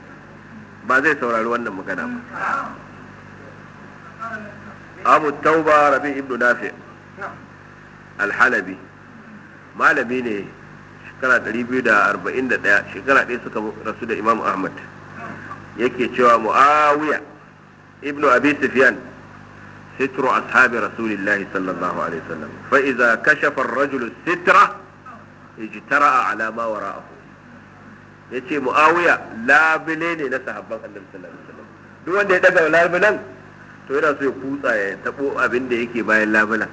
ba zai saurari wannan magana ba abu tauba rabi ibnu nafi alhalabi malami ne shekara 241 shekara ɗaya suka rasu da imam ahmad yake cewa mu'awiya ibnu abi sufyan ستر أصحاب رسول الله صلى الله عليه وسلم فإذا كشف الرجل السترة اجترأ على ما وراءه yace mu'awiya labule na sahabban annabi sallallahu alaihi wasallam duk wanda ya daga labulen. to yana so ya kutsa ya tabo abin da yake bayan labulan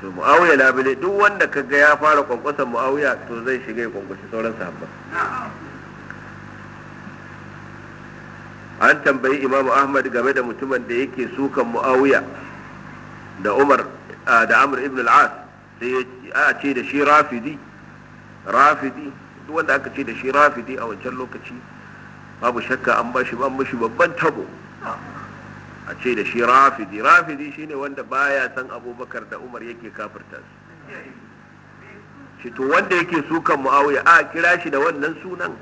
to muawiya labule duk wanda kaga ya fara kwankwasa muawiya to zai shiga ya kwankwasa sauran sahabba an tambayi imamu ahmad game da mutumin da yake sukan muawiya da umar da amr ibn al-as sai a ce da shi rafidi rafidi duk wanda aka ce da shi rafidi a wancan lokaci babu shakka an bashi ban mushi babban tabo a ce da shi rafidi rafidi ne wanda baya san abubakar da umar yake kafirta su shi to wanda yake sukan muawiya a kira shi da wannan sunan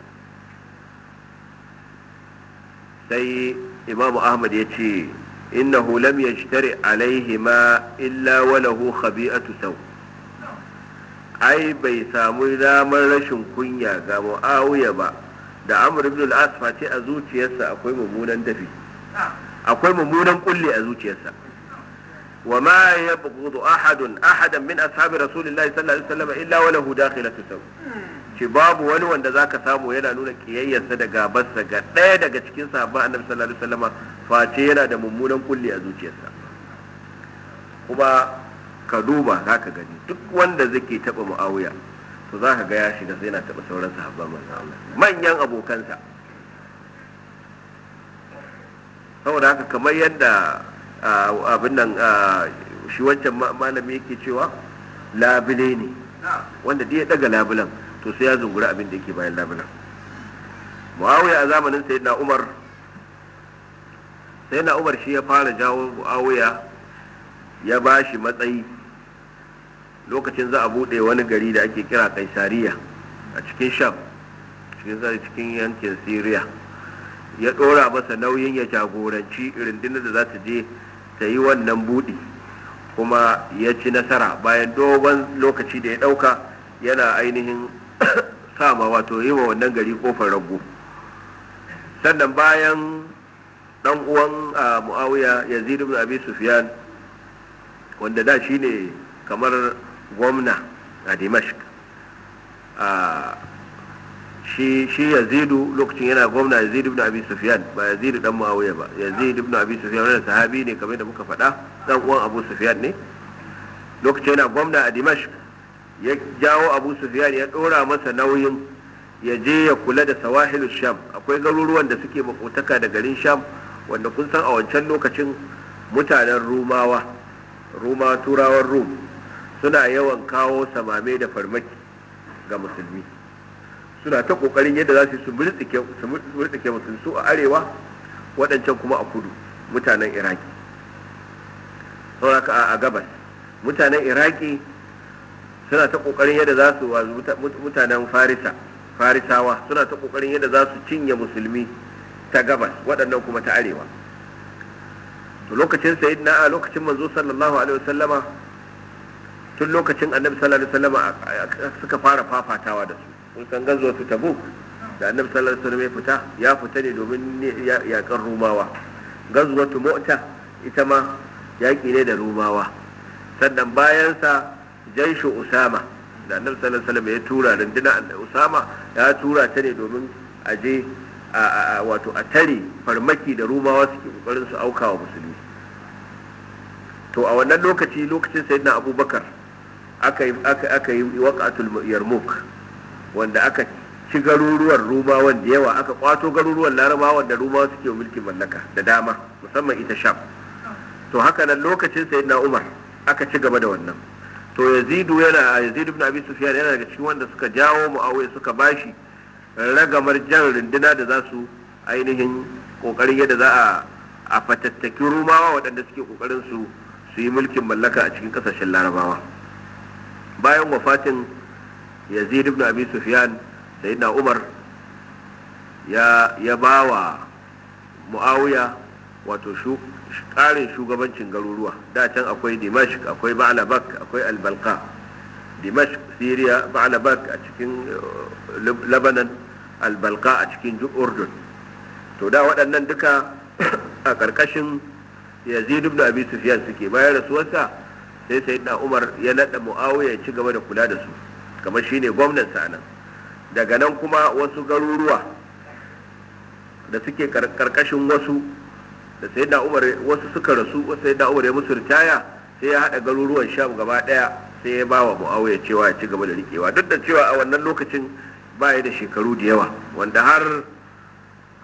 sai imamu ahmad ya ce innahu lam yajtari alaihi ma illa walahu khabi'atu sau ai bai samu damar rashin kunya ga muawiya ba da amr ibn al ce a zuciyarsa akwai mummunan dafi akwai mummunan kulli a zuciyarsa wa ma yabghudu ahadun ahadan min ashabi rasulillahi sallallahu alaihi wasallam illa wa lahu dakhilatu sab ce babu wani wanda zaka samu yana nuna kiyayyarsa da gabarsa ga ɗaya daga cikin sahabban annabi sallallahu alaihi wasallam face yana da mummunan kulli a zuciyarsa kuma ka duba zaka gani duk wanda zake taba muawiya to zaka ga ya shiga sai yana taba sauran sahabban manzo Allah manyan abokansa saboda haka kamar yadda abin nan shi wancan malami yake cewa labule ne wanda ya daga labulan to sai ya zungura abin da yake bayan labulan muawiya a zamanin sayyidina umar sayyidina umar shi ya fara jawo muawiya ya ba shi matsayi lokacin za a bude wani gari da ake kira kai kaisariya a cikin sham cikin yankin siriya ya ɗora masa nauyin ya jagoranci rundunar da za ta je ta yi wannan buɗi kuma ya ci nasara bayan dogon lokaci da ya ɗauka yana ainihin sama wato yi wa wannan gari kofar rago sannan bayan ɗan uwan mu'awiya zidu ibn abi sufiyan wanda da shi ne kamar gwamna a dimashq shi yazidu lokacin yana gwamna yazidu ibn abi sufyan ba yazidu dan muawiya ba yazidu ibn abi sufyan wannan sahabi ne kamar da muka faɗa dan uwan abu sufyan ne lokacin yana gwamna a dimashq ya jawo abu sufyan ya dora masa nauyin ya je ya kula da sawahilu sham akwai garuruwan da suke makotaka da garin sham wanda kun san a wancan lokacin mutanen rumawa rumawa turawan rum suna yawan kawo samame da farmaki ga musulmi suna ta kokarin yadda za su su murtsike musulmi su a arewa waɗancan kuma a kudu mutanen iraki sauraka a gabas mutanen iraki suna ta kokarin yadda za su mutanen farisa farisawa suna ta kokarin yadda za su cinye musulmi ta gabas waɗannan kuma ta arewa to lokacin sayyidina a lokacin manzo sallallahu alaihi wasallama tun lokacin annabi sallallahu alaihi wasallama suka fara fafatawa da su mun san gazuwa su tabuk da annabi sallallahu alaihi ya fita ya fita ne domin yakan rumawa gazuwa tu mu'ta ita ma yaƙi ne da rumawa sannan bayansa jaishu usama da annabi sallallahu alaihi ya tura rundunar usama ya tura ta ne domin a je wato a tare farmaki da rumawa suke kokarin su auka wa musulmi to a wannan lokaci lokacin sayyidina abubakar aka yi waqatul yarmuk wanda aka ci garuruwan rumawan da yawa aka kwato garuruwan larabawa da rumawa suke mulkin mallaka da dama musamman ita sham to haka nan lokacin na umar aka ci gaba da wannan to yazidu yana yazidu ibn abi sufyan yana daga cikin wanda suka jawo muawiya suka bashi ragamar jan runduna da za su ainihin kokarin yadda za a a fatattakin rumawa waɗanda suke kokarin su su yi mulkin mallaka a cikin kasashen larabawa bayan wafatin yazid ibn abi sufyan sayyidina umar ya ya bawa muawiya wato shu karin shugabancin garuruwa da can akwai dimashq akwai ba'labak akwai albalqa dimashq syria ba'labak a cikin uh, lebanon albalqa a cikin urdun to da waɗannan duka a ƙarƙashin yazid ibn abi sufyan suke da suwarsa sai sayyidina umar ya nada muawiya ya ci gaba da kula da su kamar ne gwamnan nan daga nan kuma wasu garuruwa da suke karkashin wasu da sai da umar wasu suka rasu wasu sai da umar ya musu ritaya sai ya haɗa garuruwan sham gaba ɗaya sai ya ba wa mu'awiya cewa ya ci gaba da riƙewa duk da cewa a wannan lokacin ba ya da shekaru da yawa wanda har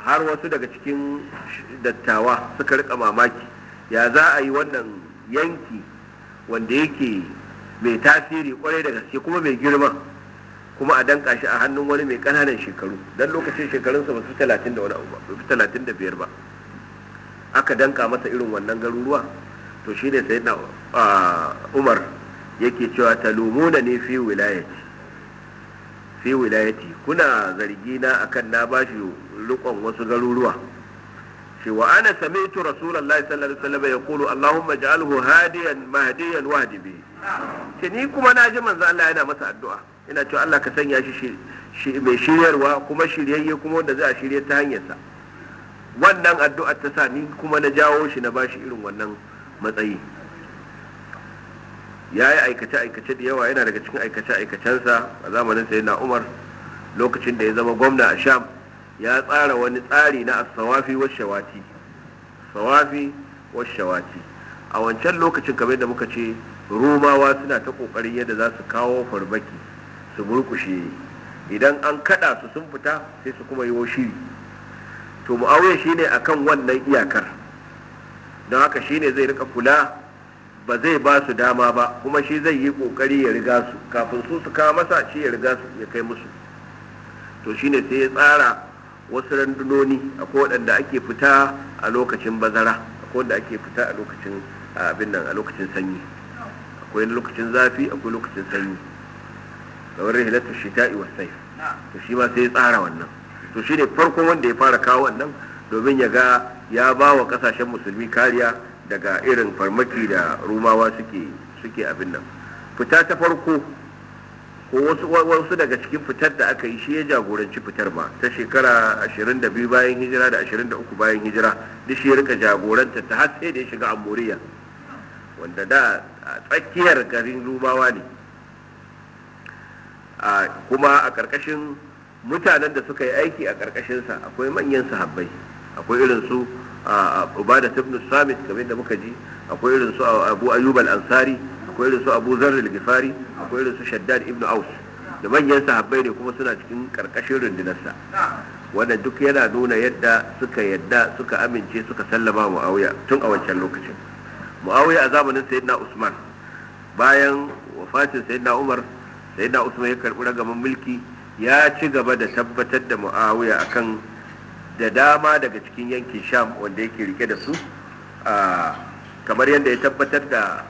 har wasu daga cikin dattawa suka rika mamaki ya za a yi wannan yanki wanda yake mai tasiri kwarai da gaske kuma mai girma kuma a danka shi a hannun wani mai kananan shekaru dan lokacin shekarunsa ba su talatin da wani abu ba su talatin da biyar ba aka danka masa irin wannan garuruwa to shi ne sai umar yake cewa talumuna ne fi wilayati fi wilayati kuna zargi na akan na bashi rikon wasu garuruwa shi ana sami'tu rasulullahi sallallahu alaihi wasallam kulu allahumma ja'alhu hadiyan mahdiyan wahdi bihi ce ni kuma na ji manzo Allah yana masa addu'a ina cewa Allah ka sanya shi mai shiryarwa kuma shiryayye kuma wanda zai a shirye ta hanyarsa wannan addu'a ta sa ni kuma na jawo shi na bashi irin wannan matsayi ya yi aikace-aikace da yawa yana daga cikin aikace-aikacensa a zamanin sai na umar lokacin da ya zama gwamna a sham ya tsara wani tsari na asawafi wa shawati sawafi wa shawati a wancan lokacin kamar da muka ce romawa suna ta kokarin yadda za su kawo farbaki su murkushe idan an kaɗa su sun fita sai su kuma yi shiri to mu'awiya shine akan wannan iyakar don haka shine zai rika kula ba zai ba su dama ba kuma shi zai yi kokari ya riga su kafin su su kawo masa shi ya riga su ya kai musu to shine sai ya tsara wasu randunoni a kowaɗanda ake fita a lokacin bazara a kowaɗanda ake fita a lokacin abin nan a lokacin sanyi akwai lokacin zafi akwai lokacin sanyi kamar rihilatul shita'i wa sayf to shi ma sai ya tsara wannan to ne farkon wanda ya fara kawo wannan domin ya ga ya ba wa kasashen musulmi kariya daga irin farmaki da rumawa suke abin nan fita ta farko ko wasu daga cikin fitar da aka yi shi ya jagoranci fitar ma ta shekara 22 bayan hijira da 23 bayan hijira duk shi ya rika jagoranta ta har sai da ya shiga amuriya wanda da a tsakiyar garin rubawa ne kuma a ƙarƙashin mutanen da suka yi aiki a ƙarƙashinsa akwai manyan sahabbai akwai irin su a ubada ibn samit kamar da muka ji akwai irin su abu ayyub al-ansari akwai irin su abu zarr al akwai irin su shaddad ibn aus da manyan sahabbai ne kuma suna cikin karkashin rundunarsa wanda duk yana nuna yadda suka yadda suka amince suka sallama muawiya tun a wancan lokacin muawiya a zamanin sayyidina usman bayan wafatin sayyidina umar sayyidina usman ya karbi ragaman mulki ya ci gaba da tabbatar da muawiya akan da dama daga cikin yankin sham wanda yake rike da su kamar yadda ya tabbatar da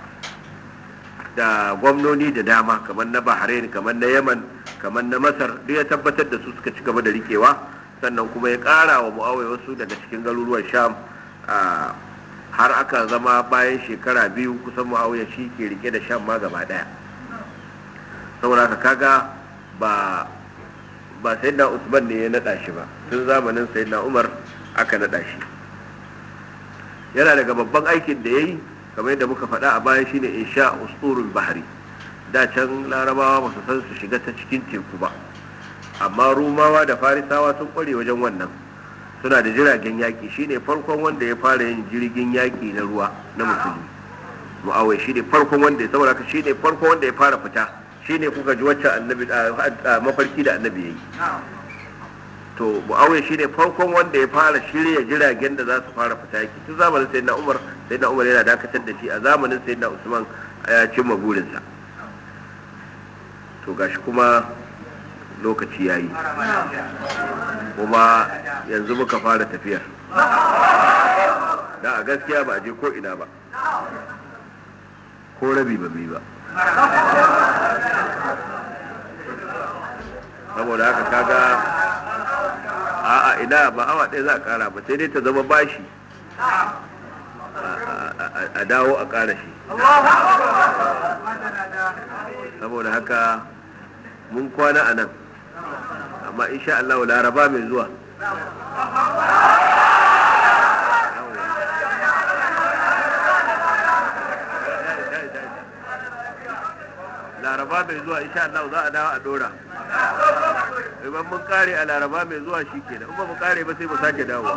da gwamnoni da dama kamar na bahrain kamar na yaman kamar na masar duk ya tabbatar da su suka ci gaba da rikewa sannan kuma ya kara wa muawiya wasu daga cikin garuruwan sham har aka zama bayan shekara biyu kusan ma'auya shi ke rike da shan ma gaba daya saboda ka kaga ba sai na usman ne ya nada shi ba tun zamanin sai na umar aka nada shi yana daga babban aikin da ya yi kamar yadda muka faɗa a bayan baya shine insha usturul bahari da can larabawa ba su san su shiga ta cikin teku ba amma rumawa da farisawa sun ƙware wajen wannan suna da jiragen yaƙi shine farkon wanda ya fara yin jirgin yaƙi na ruwa na musulmi mu'awai ne farkon wanda ya saboda ne farkon wanda ya fara fita shi ne kuka ji wacce annabi mafarki da annabi ya yi to mu'awai ne farkon wanda ya fara shirya jiragen da za su fara fita yaƙi tun zamanin na umar na umar yana dakatar da shi a zamanin na usman ya cimma burinsa to gashi kuma lokaci ya yi kuma yanzu muka fara tafiyar da a gaskiya ba a je ko ina ba ko rabi ba bi ba saboda haka kaga a ina ba awa ɗaya za a ƙara ba sai dai ta zama bashi a dawo a ƙara shi saboda haka mun kwana a nan amma insha Allah laraba mai zuwa laraba mai zuwa insha Allah za a dawo a dora idan mun kare a laraba mai zuwa shi in ba mu kare ba sai mu sake dawo